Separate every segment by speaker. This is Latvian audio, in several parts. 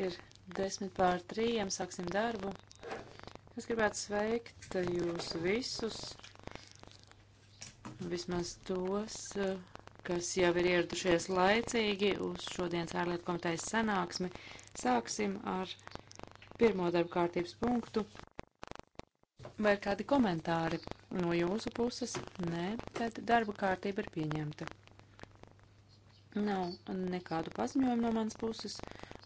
Speaker 1: Ir desmit pār trījiem, sāksim darbu. Es gribētu sveikt jūs visus, vismaz tos, kas jau ir ieradušies laicīgi uz šodienas ārlietu komitejas sanāksmi. Sāksim ar pirmo darbu kārtības punktu. Vai ir kādi komentāri no jūsu puses? Nē, tad darba kārtība ir pieņemta. Nav nekādu paziņojumu no manas puses.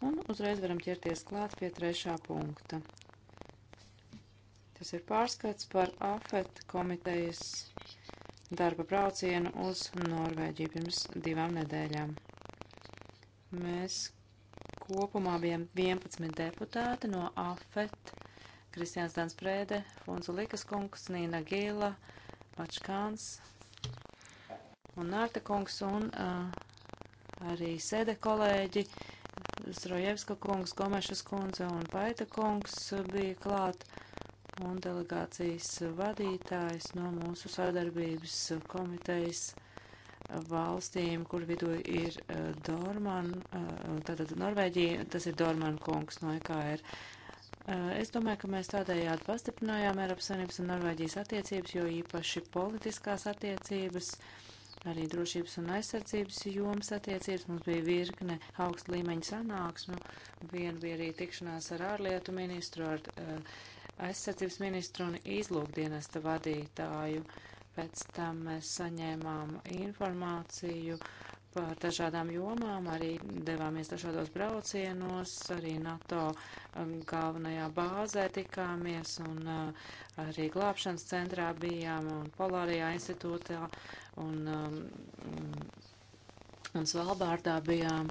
Speaker 1: Un uzreiz varam ķerties klāt pie trešā punkta. Tas ir pārskats par AFET komitejas darba braucienu uz Norvēģiju pirms divām nedēļām. Mēs kopumā bijām 11 deputāti no AFET, Kristiāns Dans Prēde, Funzu Likas kungs, Nīna Gīla, Pačkāns un Nārta kungs un uh, arī sēde kolēģi Srojevska kungs, Gomešas kundze un Paita kungs bija klāt un delegācijas vadītājs no mūsu sadarbības komitejas valstīm, kur vidū ir eh, Dorman, eh, tātad Norvēģija, tas ir Dorman kungs no EKR. Eh, es domāju, ka mēs tādējādi pastiprinājām Eiropas Savienības un Norvēģijas attiecības, jo īpaši politiskās attiecības. Uh, arī drošības un aizsardzības jomas attiecības. Mums bija virkne augsta līmeņa sanāksmu. Viena bija arī tikšanās ar ārlietu ministru, ar uh, aizsardzības ministru un izlūkdienesta vadītāju. Pēc tam mēs saņēmām informāciju par dažādām jomām, arī devāmies dažādos braucienos, arī NATO um, galvenajā bāzē tikāmies un uh, arī glābšanas centrā bijām un Polārijā institūtā un, um, un Svalbārdā bijām.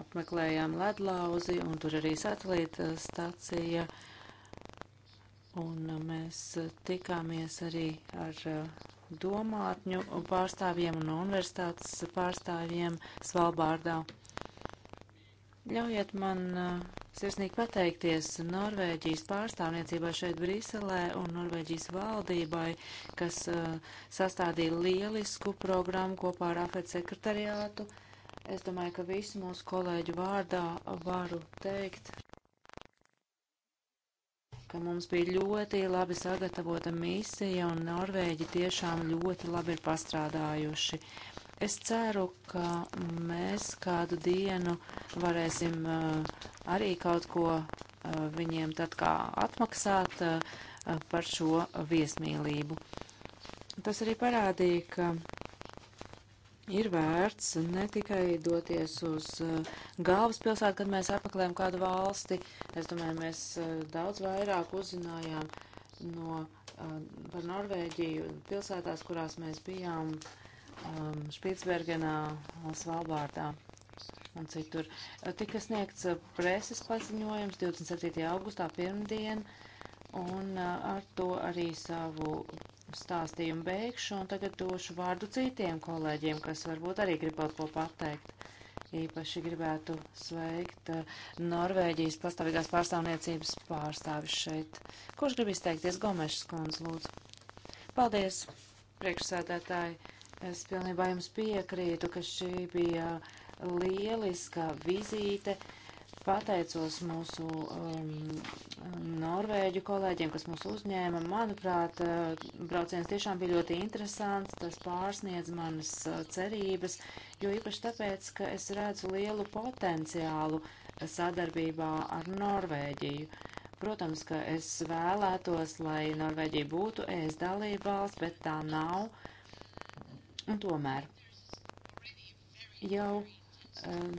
Speaker 1: Apmeklējām ledlauzi un tur arī satelīta stacija. Un uh, mēs tikāmies arī ar uh, domātņu pārstāvjiem un universitātes pārstāvjiem Svalbārdā. Ļaujiet man uh, sirsnīgi pateikties Norvēģijas pārstāvniecībai šeit Briselē un Norvēģijas valdībai, kas uh, sastādīja lielisku programmu kopā ar AFET sekretariātu. Es domāju, ka visu mūsu kolēģu vārdā varu teikt, ka mums bija ļoti labi sagatavota misija un Norvēģi tiešām ļoti labi ir pastrādājuši. Es ceru, ka mēs kādu dienu varēsim uh, arī kaut ko uh, viņiem tad kā atmaksāt uh, par šo viesmīlību. Tas arī parādīja, ka ir vērts ne tikai doties uz uh, galvaspilsētu, kad mēs apmeklējam kādu valsti. Es domāju, mēs uh, daudz vairāk uzzinājām no, uh, par Norvēģiju pilsētās, kurās mēs bijām um, Špitsbergenā, Svalbārdā un citur. Tika sniegts preses paziņojums 27. augustā pirmdien, un ar to arī savu stāstījumu beigšu un tagad došu vārdu citiem kolēģiem, kas varbūt arī grib kaut ko pateikt. Īpaši gribētu sveikt eh, Norvēģijas pastāvīgās pārstāvniecības pārstāvis šeit. Kurš grib izteikties? Gomešs kundze, lūdzu. Paldies, priekšsēdētāji. Es pilnībā jums piekrītu, ka šī bija lieliska vizīte. Uh, pateicos mūsu um, norvēģu kolēģiem, kas mūs uzņēma. Manuprāt, uh, brauciens tiešām bija ļoti interesants, tas pārsniedz manas uh, cerības, jo īpaši tāpēc, ka es redzu lielu potenciālu sadarbībā ar Norvēģiju. Protams, ka es vēlētos, lai Norvēģija būtu ES dalībvalsts, bet tā nav. Un tomēr jau um,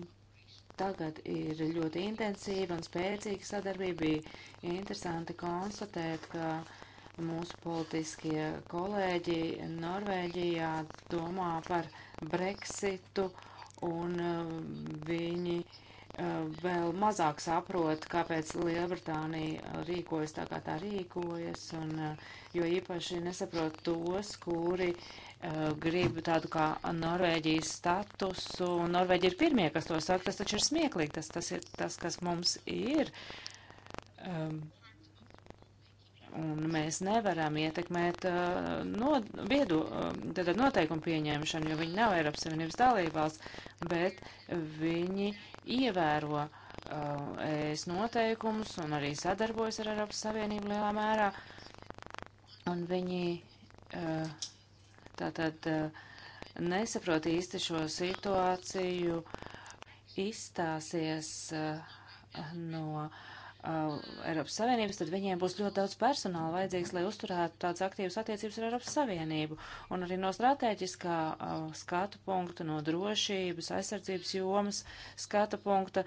Speaker 1: tagad ir ļoti intensīva un spēcīga sadarbība. Bija interesanti konstatēt, ka mūsu politiskie kolēģi Norvēģijā domā par Brexitu un um, viņi uh, Eh, vēl mazāk saprot, kāpēc Lielbritānija eh, rīkojas tā, kā tā rīkojas, un eh, jo īpaši nesaprot tos, kuri uh, grib tādu kā Norvēģijas statusu, un Norvēģi ir pirmie, kas to saka, tas taču ir smieklīgi, tas, tas ir tas, kas mums ir. Um, un mēs nevaram ietekmēt uh, no, viedu, uh, noteikumu pieņemšanu, jo viņi nav Eiropas Savienības dalībvalsts, bet viņi ievēro uh, ES noteikumus un arī sadarbojas ar Eiropas Savienību lielā mērā. Un viņi uh, tātad uh, nesaprot īsti šo situāciju, izstāsies uh, no uh, Uh, Eiropas Savienības, tad viņiem būs ļoti daudz personāla vajadzīgs, lai uzturētu tādas aktīvas attiecības ar Eiropas Savienību. Un arī no strateģiskā uh, skatu punkta, no drošības, aizsardzības jomas skatu punkta,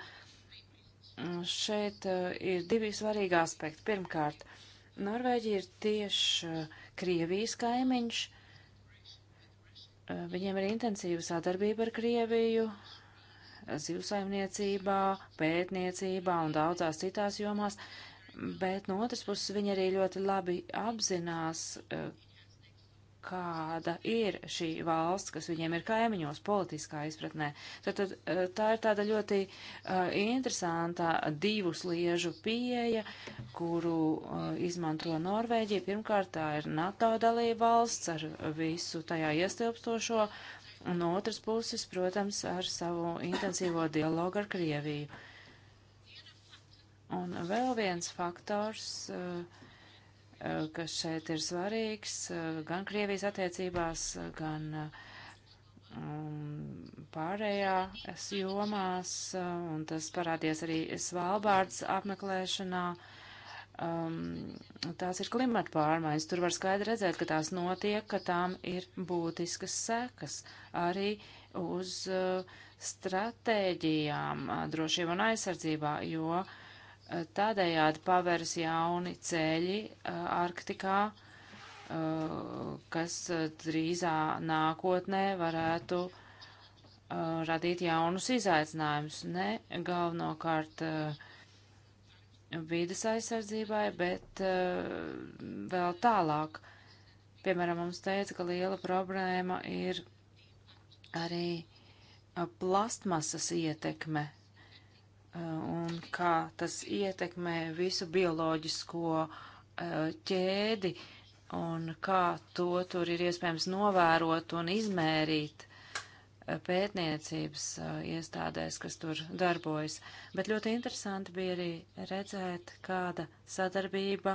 Speaker 1: mm, šeit uh, ir divi svarīgi aspekti. Pirmkārt, Norvēģija ir tieši uh, Krievijas kaimiņš. Uh, viņiem ir intensīva sadarbība ar Krieviju, zivsaimniecībā, pētniecībā un daudzās citās jomās, bet no otras puses viņi arī ļoti labi apzinās, eh, kāda ir šī valsts, kas viņiem ir kaimiņos politiskā izpratnē. Tad, tad eh, tā ir tāda ļoti uh, interesanta divu sliežu pieeja, kuru uh, izmanto Norvēģija. Pirmkārt, tā ir NATO dalība valsts ar visu tajā iestilpstošo, un no otras puses, protams, ar savu intensīvo dialogu ar Krieviju. Un vēl viens faktors, eh, eh, kas šeit ir svarīgs, eh, gan Krievijas attiecībās, gan mm, pārējās jomās, un tas parādījās arī Svalbārds apmeklēšanā, uh, um, tās ir klimata pārmaiņas. Tur var skaidri redzēt, ka tās notiek, ka tām ir būtiskas sekas arī uz uh, stratēģijām uh, drošībā un aizsardzībā, jo uh, tādējādi paveras jauni ceļi uh, Arktikā, uh, kas uh, drīzā nākotnē varētu uh, radīt jaunus izaicinājumus, ne galvenokārt uh, vīdes aizsardzībai, bet eh, vēl tālāk. Piemēram, mums teica, ka liela problēma ir arī eh, plastmasas ietekme eh, un kā tas ietekmē visu bioloģisko ķēdi un kā to tur ir iespējams novērot un izmērīt pētniecības iestādēs, kas tur darbojas. Bet ļoti interesanti bija arī redzēt, kāda sadarbība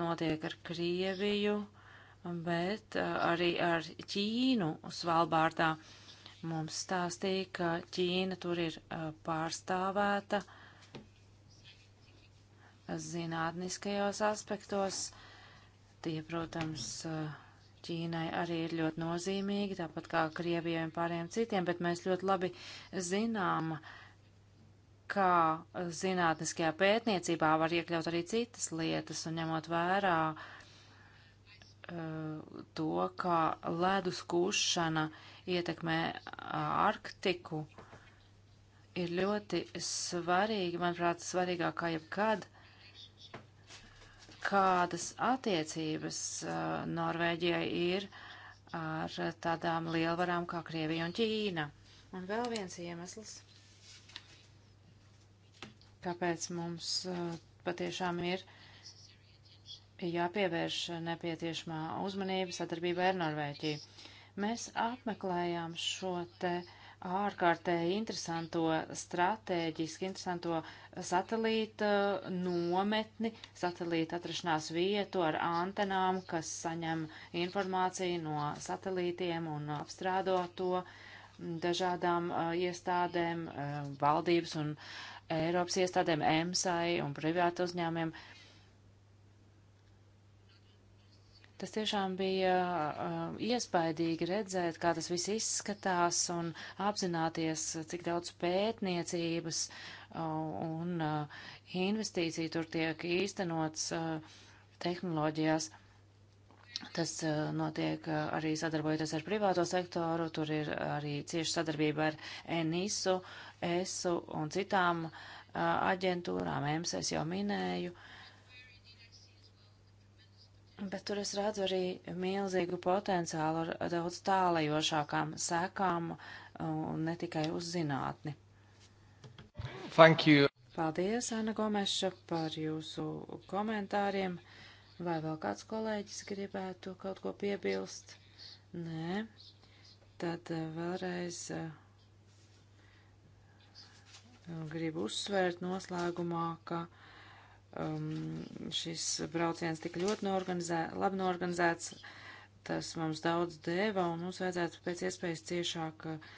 Speaker 1: notiek ar Krieviju, bet arī ar Ķīnu Svalbārdā. Mums stāstīja, ka Ķīna tur ir pārstāvēta zinātniskajos aspektos. Tie, protams, uh, Ķīnai arī ir ļoti nozīmīgi, tāpat kā Krievijai un pārējiem citiem, bet mēs ļoti labi zinām, kā zinātniskajā pētniecībā var iekļaut arī citas lietas un ņemot vērā uh, to, kā ledus kušana ietekmē eh, Arktiku, ir ļoti svarīgi, manuprāt, svarīgāk kā jebkad kādas attiecības Norvēģijai ir ar tādām lielvarām kā Krievija un Ķīna. Un vēl viens iemesls, kāpēc mums patiešām ir jāpievērš nepieciešamā uzmanība sadarbībā ar Norvēģiju. Mēs apmeklējām šo te uh, ārkārtēji interesanto, stratēģiski interesanto satelīta uh, nometni, satelīta atrašanās vietu ar antenām, kas saņem informāciju no satelītiem un apstrādo to dažādām uh, iestādēm, uh, valdības un Eiropas iestādēm, EMSAI un privātu uzņēmumiem. Uh, Tas tiešām bija uh, iespaidīgi redzēt, kā tas viss izskatās un apzināties, uh, cik daudz pētniecības uh, un uh, investīciju tur tiek īstenots uh, tehnoloģijās. Tas uh, notiek uh, arī sadarbojoties ar privāto sektoru, tur ir arī cieša sadarbība ar ENISU, ESU un citām uh, aģentūrām, EMS es jau minēju. Uh, Bet tur es redzu arī milzīgu potenciālu ar daudz tālajošākām sekām un ne tikai uz zinātni. Thank you. Paldies, Ana Gomeša, par jūsu komentāriem. Vai vēl kāds kolēģis gribētu kaut ko piebilst? Nē. Tad eh, vēlreiz eh, gribu uzsvērt noslēgumā, ka um, šis brauciens tika ļoti noorganizē, labi noorganizēts, tas mums daudz deva, un mums vajadzētu pēc iespējas ciešāk uh,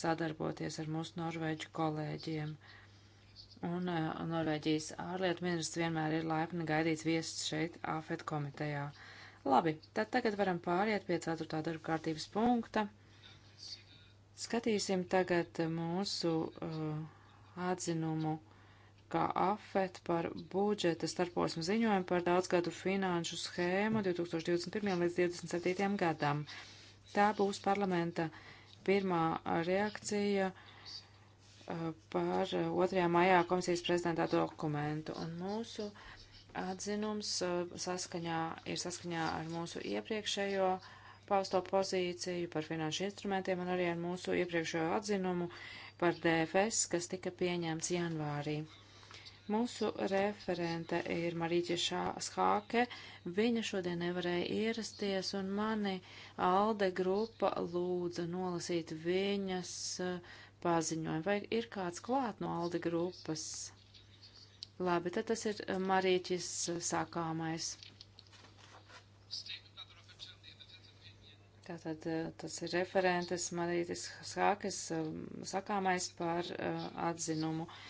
Speaker 1: sadarboties ar mūsu norvēģu kolēģiem. Un uh, Norvēģijas ārlietu ministrs vienmēr ir laipni gaidīts viesis šeit, AFET komitejā. Labi, tad tagad varam pāriet pie 4. darba kārtības punkta. Skatīsim tagad mūsu uh, atzinumu kā afet par budžeta starposmu ziņojumu par daudzgadu finanšu schēmu 2021. līdz 2027. gadam. Tā būs parlamenta pirmā reakcija uh, par 2. maijā komisijas prezidentā dokumentu. Un mūsu atzinums uh, saskaņā, ir saskaņā ar mūsu iepriekšējo pausto pozīciju par finanšu instrumentiem un arī ar mūsu iepriekšējo atzinumu par DFS, kas tika pieņemts janvārī. Mūsu referente ir Marīķa Šāke. Viņa šodien nevarēja ierasties, un mani Alde grupa lūdza nolasīt viņas eh, paziņojumu. Vai ir kāds klāt no Alde grupas? Labi, tad tas ir eh, Marīķis eh, sākāmais. Tātad tas ir referentes Marītis Šākes sakāmais par uh, atzinumu. Uh,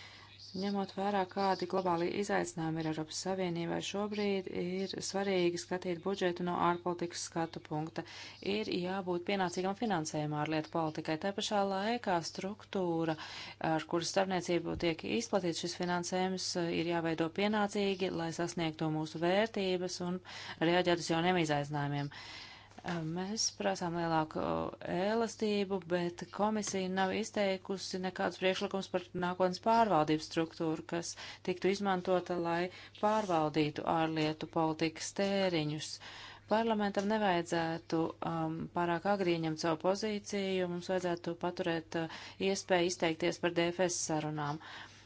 Speaker 1: Ņemot vērā, kādi globāli izaicinājumi ir Eiropas Savienībai šobrīd, ir svarīgi skatīt budžetu no ārpolitikas skatu punkta. Ir jābūt pienācīgam finansējumam ārlietu politikai. Tā pašā laikā struktūra, ar kuras starpniecību tiek izplatīts šis finansējums, ir jāveido pienācīgi, lai sasniegtu mūsu vērtības un reaģētu uz jauniem izaicinājumiem. Mēs prasām lielāku uh, elastību, bet komisija nav izteikusi nekādus priekšlikums par nākotnes pārvaldības struktūru, kas tiktu izmantota, lai pārvaldītu ārlietu politikas tēriņus. Parlamentam nevajadzētu um, pārāk agrīņemt savu pozīciju, mums vajadzētu paturēt uh, iespēju izteikties par DFS sarunām. Uh,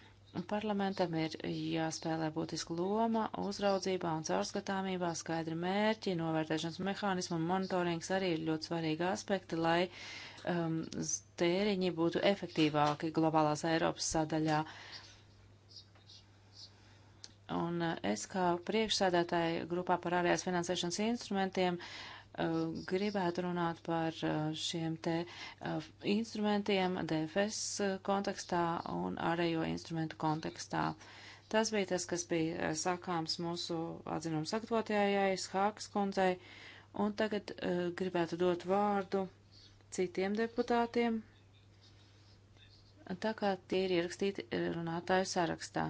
Speaker 1: Parlamentam ir jāspēlē būtiska loma uzraudzībā un caurskatāmībā, skaidri mērķi, novērtēšanas mehānismu un monitorings arī ir ļoti svarīgi aspekti, lai um, tēriņi būtu efektīvāki globālās Eiropas sadaļā. Un uh, es kā priekšsēdētāji grupā par ārējās finansēšanas instrumentiem uh, Eh, gribētu runāt par eh, šiem te eh, instrumentiem DFS kontekstā un ārējo instrumentu kontekstā. Tas bija tas, kas bija sakāms mūsu atzinuma sagatavotājai, Hākas kundzei, un tagad uh, gribētu dot vārdu citiem deputātiem, tā kā tie ir ierakstīti runātāju sarakstā.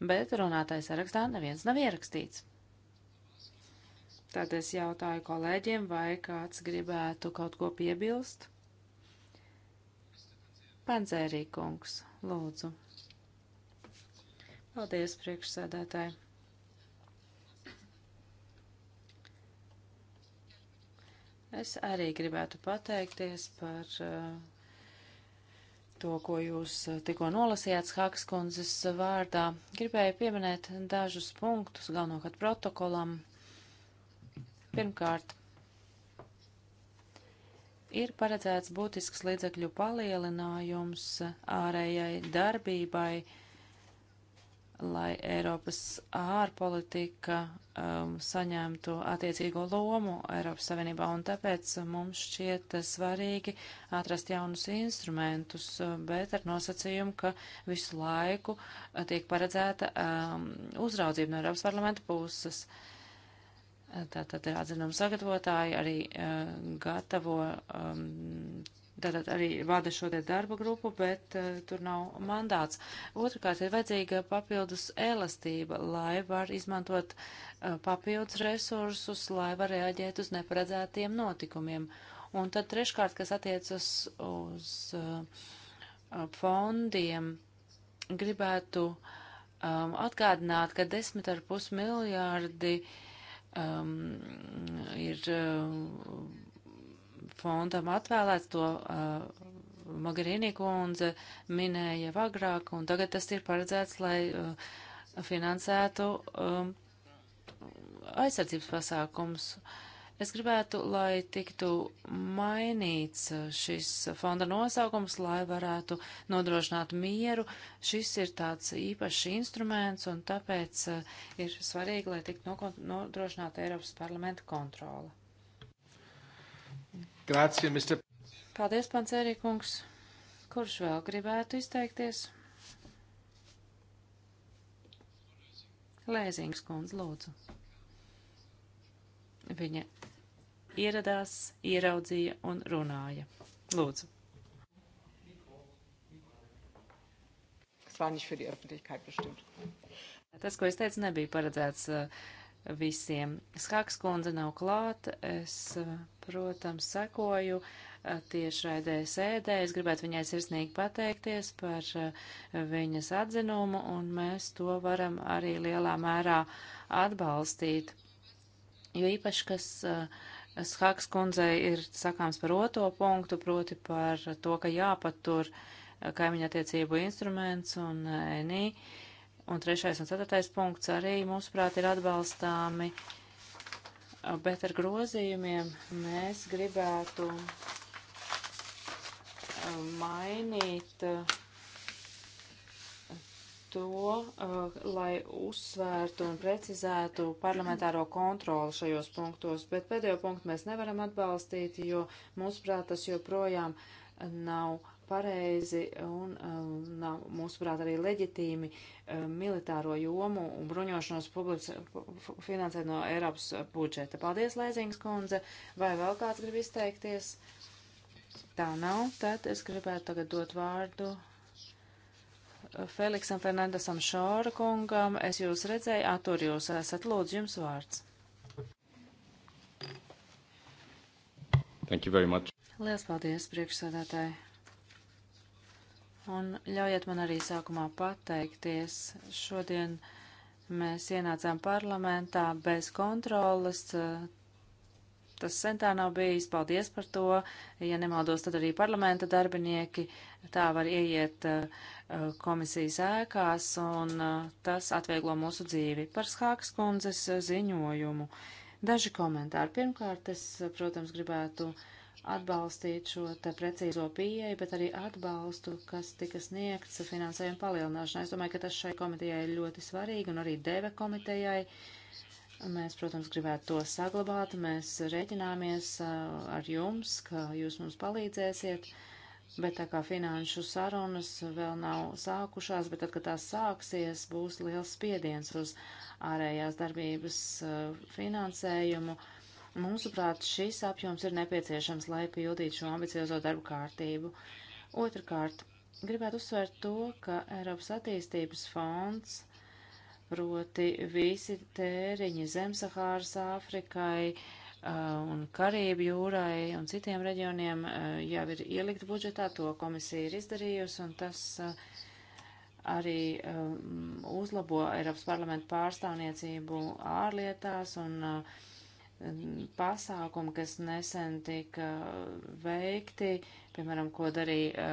Speaker 1: Bet runātāju sarakstā neviens nav ierakstīts. Tad es jautāju kolēģiem, vai kāds gribētu kaut ko piebilst. Pandzērī kungs, lūdzu. Paldies, priekšsēdētāji. Es arī gribētu pateikties par uh, to, ko jūs uh, tikko nolasījāt Hakskundzes vārdā. Gribēju pieminēt dažus punktus, galvenokārt protokolam. Pirmkārt, ir paredzēts būtisks līdzekļu palielinājums ārējai darbībai, lai Eiropas ārpolitika um, saņemtu attiecīgo lomu Eiropas Savienībā, un tāpēc mums šķiet svarīgi atrast jaunus instrumentus, bet ar nosacījumu, ka visu laiku tiek paredzēta um, uzraudzība no Eiropas parlamenta puses. Uh, Tātad atzinuma sagatavotāji arī uh, gatavo, um, tātad arī vada šo te darba grupu, bet uh, tur nav mandāts. Otrakārt ir vajadzīga papildus elastība, lai var izmantot uh, papildus resursus, lai var reaģēt uz neparedzētiem notikumiem. Un tad treškārt, kas attiecas uz uh, fondiem, gribētu um, atgādināt, ka 10,5 miljārdi uh, um, ir um, fondam atvēlēts, to uh, Mogherini kundze minēja agrāk, un tagad tas ir paredzēts, lai uh, finansētu um, aizsardzības pasākums. Uh, Es gribētu, lai tiktu mainīts uh, šis fonda nosaukums, lai varētu nodrošināt mieru. Šis ir tāds īpašs instruments, un tāpēc uh, ir svarīgi, lai tiktu nodrošināta Eiropas parlamenta kontrola. Grācija, Mr. Paldies, Pancērīkungs. Kurš vēl gribētu izteikties? Lēzings kundze, lūdzu. Viņa ieradās, ieraudzīja un runāja. Lūdzu. Tas, ko es teicu, nebija paredzēts uh, visiem. Skaks kundze nav klāta. Es, uh, protams, sekoju uh, tiešraidē sēdē. Es gribētu viņai sirsnīgi pateikties par viņas atzinumu, un mēs to varam arī lielā mērā atbalstīt. Jo īpaši, kas uh, Schaks kundzei ir sakāms par otro punktu, proti par to, ka jāpatur eh, kaimiņa attiecību instruments un ENI. Eh, un trešais un ceturtais punkts arī, mūsuprāt, ir atbalstāmi, eh, bet ar grozījumiem mēs gribētu mainīt uh, to, eh, lai uzsvērtu un precizētu parlamentāro kontroli šajos punktos, bet pēdējo punktu mēs nevaram atbalstīt, jo mūsuprāt tas joprojām eh, nav pareizi un eh, nav mūsuprāt arī leģitīmi militāro jomu un bruņošanos public, finansēt no Eiropas budžeta. Paldies, Lēzings kundze, vai vēl kāds grib izteikties? Tā nav, tad es gribētu tagad dot vārdu Feliksam Fernandesam Šāra kungam. Es jūs redzēju, atur jūs esat. Lūdzu, jums vārds.
Speaker 2: Thank you very much.
Speaker 1: Lielas paldies, priekšsādātāji. Un ļaujiet man arī sākumā pateikties. Šodien mēs ienācām parlamentā bez kontrolas tas centā nav bijis. Paldies par to. Ja nemaldos, tad arī parlamenta darbinieki tā var ieiet uh, uh, komisijas ēkās, un uh, tas atvieglo mūsu dzīvi. Par Skākas kundzes ziņojumu. Daži komentāri. Pirmkārt, es, protams, gribētu atbalstīt šo te precīzo pieeju, bet arī atbalstu, kas tika sniegts finansējuma palielināšanai. Es domāju, ka tas šai komitejai ir ļoti svarīgi un arī deve komitejai. Uh, Mēs, protams, gribētu to saglabāt. Mēs reķināmies uh, ar jums, ka jūs mums palīdzēsiet, bet tā kā finanšu sarunas vēl nav sākušās, bet tad, kad tās sāksies, būs liels spiediens uz ārējās darbības uh, finansējumu. Mūsuprāt, šis apjoms ir nepieciešams, lai pildītu šo ambiciozo darbu kārtību. Otrakārt, gribētu uzsvērt to, ka Eiropas attīstības fonds proti visi tēriņi Zemsahāras Āfrikai uh, un Karību jūrai un citiem reģioniem uh, jau ir ielikt budžetā, to komisija ir izdarījusi, un tas uh, arī um, uzlabo Eiropas parlamentu pārstāvniecību ārlietās un pasākumi, kas nesen tika veikti, piemēram, ko darīja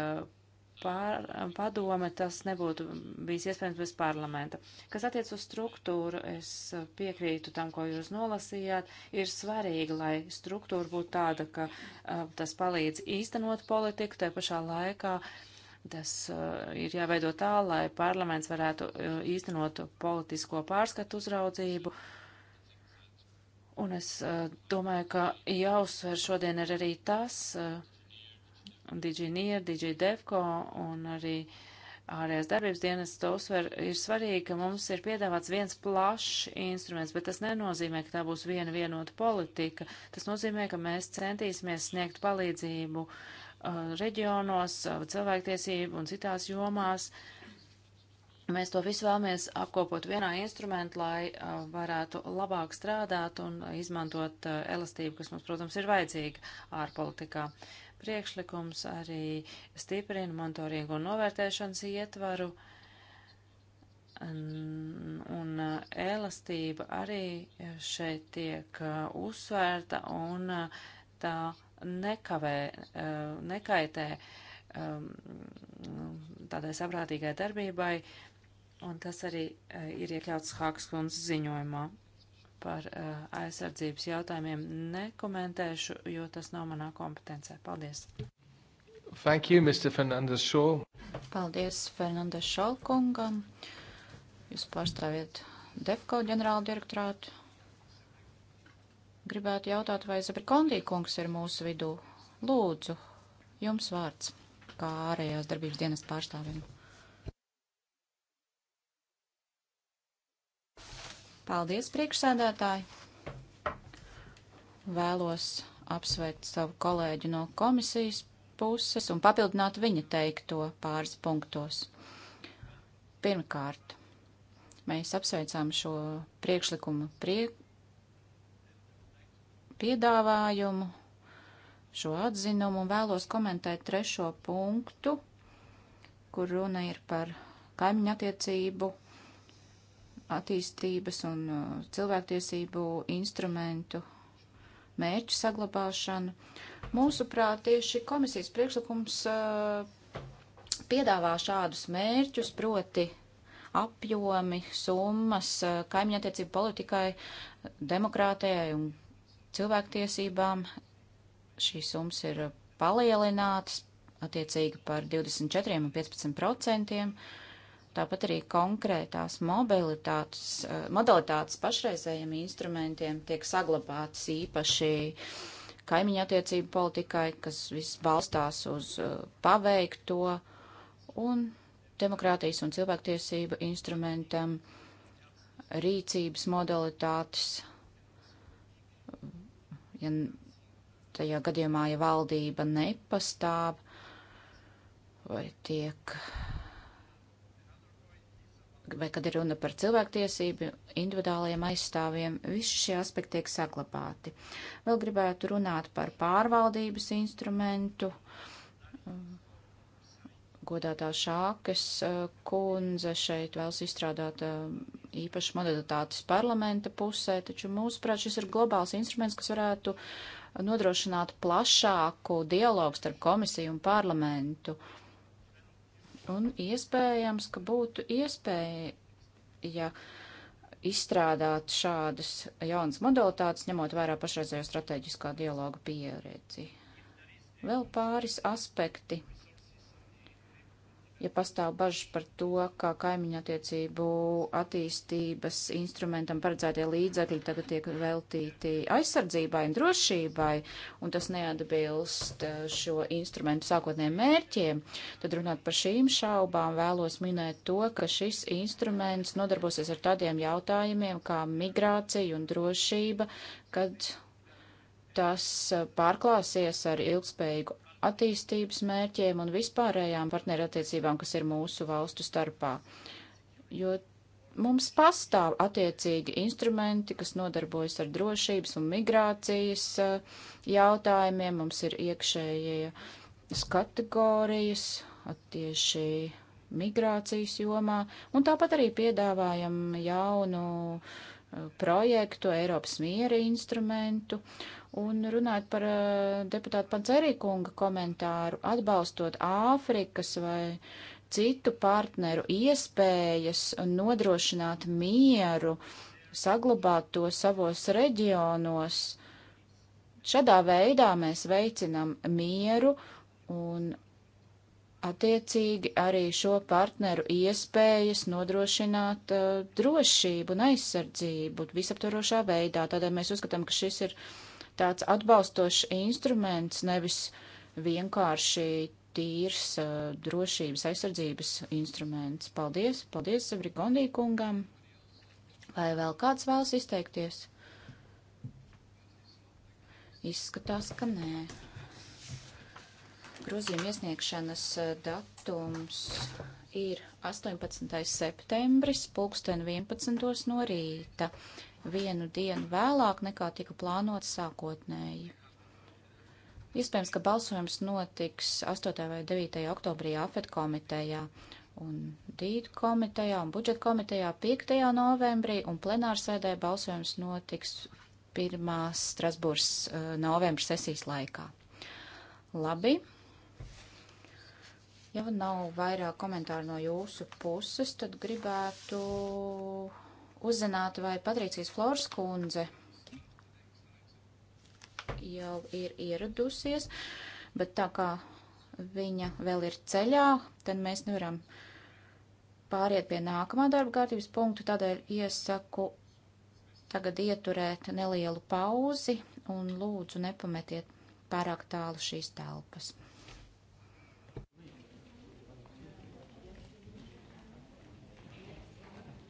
Speaker 1: pār, padome, tas nebūtu bijis iespējams bez parlamenta. Kas attiec uz struktūru, es piekrītu tam, ko jūs nolasījāt. Ir svarīgi, lai struktūra būtu tāda, ka uh, tas palīdz īstenot politiku, te pašā laikā tas uh, ir jāveido tā, lai parlaments varētu uh, īstenot politisko pārskatu uzraudzību. Un es uh, domāju, ka jāuzsver šodien ir arī tas, uh, DigiNIR, DigiDevco un arī ārējās darbības dienas to uzsver, ir svarīgi, ka mums ir piedāvāts viens plašs instruments, bet tas nenozīmē, ka tā būs viena vienota politika. Tas nozīmē, ka mēs centīsimies sniegt palīdzību uh, reģionos, uh, cilvēktiesību un citās jomās. Mēs to visu vēlamies apkopot vienā instrumentā, lai uh, varētu labāk strādāt un izmantot uh, elastību, kas mums, protams, ir vajadzīga ārpolitikā. politikā. Priekšlikums arī stiprina monitoringu un novērtēšanas ietvaru, un, un uh, elastība arī šeit tiek uh, uzsvērta, un uh, tā nekavē, nekaitē um, tādai saprātīgai darbībai, un tas arī ir iekļauts Hāgas kundzes ziņojumā par uh, aizsardzības jautājumiem nekomentēšu, jo tas nav manā kompetencē.
Speaker 2: Paldies! Thank you, Mr. Fernandes Šol. Paldies Fernandes Šolkungam. Jūs pārstāviet DEFCO ģenerālu direktorātu. Gribētu jautāt, vai Zabrikondī kungs ir mūsu vidū. Lūdzu, jums vārds kā ārējās darbības dienas pārstāvim. Paldies, priekšsēdētāji! Vēlos apsveikt savu kolēģi no komisijas puses un papildināt viņa teikto pāris punktos. Pirmkārt, mēs apsveicām šo priekšlikumu prie... piedāvājumu, šo atzinumu un vēlos komentēt trešo punktu, kur runa ir par kaimiņu attiecību attīstības un uh, cilvēktiesību instrumentu mērķu saglabāšanu. Mūsuprāt, tieši komisijas priekšlikums uh, piedāvā šādus mērķus, proti apjomi, summas uh, kaimiņattiecību politikai, demokrātijai un cilvēktiesībām. Šīs summas ir palielinātas attiecīgi par 24 un 15 procentiem. Uh, Tāpat arī konkrētās mobilitātes, eh, modalitātes pašreizējiem instrumentiem tiek saglabātas īpaši kaimiņa attiecību politikai, kas viss balstās uz eh, paveikto un demokrātijas un cilvēktiesība instrumentam rīcības modalitātes, ja tajā gadījumā, ja valdība nepastāv vai tiek vai kad ir runa par cilvēktiesību, individuālajiem aizstāvjiem, visi šie aspekti tiek saglabāti. Vēl gribētu runāt par pārvaldības instrumentu. Godātā Šākas eh, kundze šeit vēlas izstrādāt eh, īpašu modalitātes parlamenta pusē, taču mūsuprāt šis ir globāls instruments, kas varētu nodrošināt plašāku dialogu starp komisiju un parlamentu. Uh, Un iespējams, ka būtu iespēja ja izstrādāt šādas jaunas modalitātes, ņemot vērā pašreizējo strateģiskā dialoga pieredzi. Vēl pāris aspekti, ja pastāv bažas par to, ka kaimiņattiecību attīstības instrumentam paredzētie līdzekļi tagad tiek veltīti aizsardzībai un drošībai, un tas neatbilst eh, šo instrumentu sākotnējiem mērķiem, tad runāt par šīm šaubām vēlos minēt to, ka šis instruments nodarbosies ar tādiem jautājumiem kā migrācija un drošība, kad tas eh, pārklāsies ar ilgspējīgu attīstības mērķiem un vispārējām partnerattiecībām, kas ir mūsu valstu starpā. Jo mums pastāv attiecīgi instrumenti, kas nodarbojas ar drošības un migrācijas eh, jautājumiem, mums ir iekšējie kategorijas tieši migrācijas jomā, un tāpat arī piedāvājam jaunu uh, projektu, Eiropas miera instrumentu. Un runājot par deputātu Pancerīkunga komentāru, atbalstot Āfrikas vai citu partneru iespējas nodrošināt mieru, saglabāt to savos reģionos. Šādā veidā mēs veicinam mieru un attiecīgi arī šo partneru iespējas nodrošināt uh, drošību un aizsardzību visaptvarošā veidā. Tādēļ mēs uzskatām, ka šis ir tāds atbalstošs instruments, nevis vienkārši tīrs uh, drošības aizsardzības instruments. Paldies! Paldies Sabrigondī kungam! Vai vēl kāds vēlas izteikties? Izskatās, ka nē. Grozījuma iesniegšanas e, datums ir 18. septembris, pulksten 11. no rīta, vienu dienu vēlāk nekā tika plānots sākotnēji. Iespējams, ka balsojums notiks 8. vai 9. oktobrī AFET komitejā un Dīdu komitejā un budžeta komitejā 5. novembrī un plenārsēdē balsojums notiks pirmās Strasbūras e, novembra sesijas laikā. Labi, Ja nav vairāk komentāru no jūsu puses, tad gribētu uzzināt, vai Patrīcijas Flors kundze jau ir ieradusies, bet tā kā viņa vēl ir ceļā, tad mēs nevaram pāriet pie nākamā darba kārtības punktu, tādēļ iesaku tagad ieturēt nelielu pauzi un lūdzu nepametiet pārāk tālu šīs telpas.